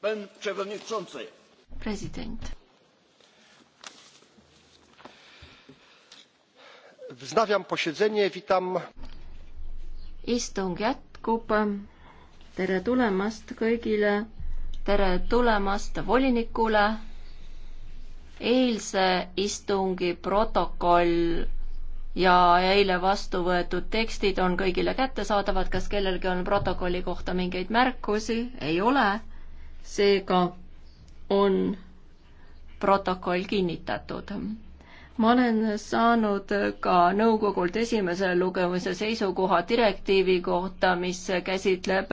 Pan przewodniczący. Prezydent. Wznawiam posiedzenie. Witam. Istung jätkub. Tere tulemast kõigile. Tere tulemast volinikule. Eilse istungi protokoll ja eile vastu võetud tekstid on kõigile kättesaadavad. kas kellelgi on protokolli kohta mingeid märkusi? ei ole seega on protokoll kinnitatud. ma olen saanud ka nõukogult esimese lugemise seisukoha direktiivi kohta, mis käsitleb